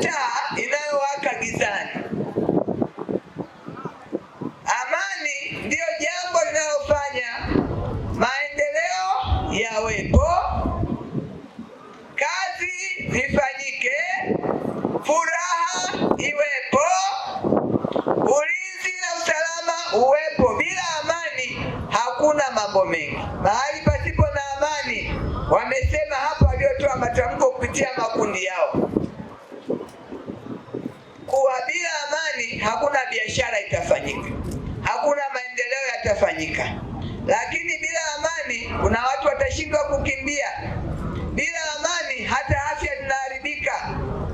taa inayowaka gizani. Amani ndiyo jambo linalofanya maendeleo yawepo, kazi zifanyike, furaha iwepo, ulinzi na usalama uwepo. Bila amani hakuna mambo mengi. Mahali pasipo na amani wamese biashara itafanyika, hakuna maendeleo yatafanyika. Lakini bila amani, kuna watu watashindwa kukimbia. Bila amani, hata afya zinaharibika,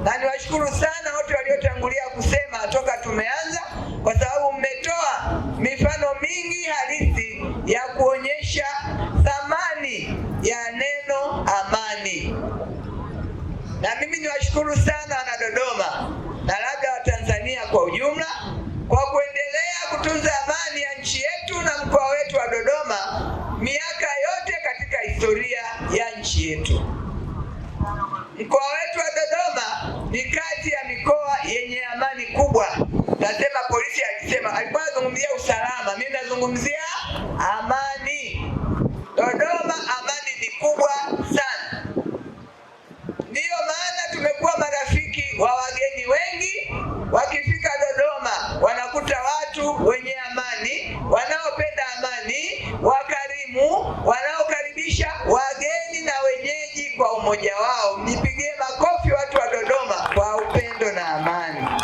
na niwashukuru sana wote waliotangulia kusema toka tumeanza, kwa sababu mmetoa mifano mingi halisi ya kuonyesha thamani ya neno amani. Na mimi niwashukuru sana na Dodoma na labda Watanzania kwa ujumla kwa kuendelea kutunza amani ya nchi yetu na mkoa wetu wa Dodoma miaka yote katika historia ya nchi yetu. Mkoa wetu wa Dodoma ni kati ya mikoa yenye amani kubwa. Nasema polisi akisema, alikuwa anazungumzia usalama, mimi nazungumzia amani. Dodoma amani ni kubwa sana, ndiyo maana tumekuwa marafiki wa wageni wengi wakifika wenye amani, wanaopenda amani, wakarimu, wanaokaribisha wageni na wenyeji kwa umoja wao. Nipigie makofi watu wa Dodoma kwa upendo na amani.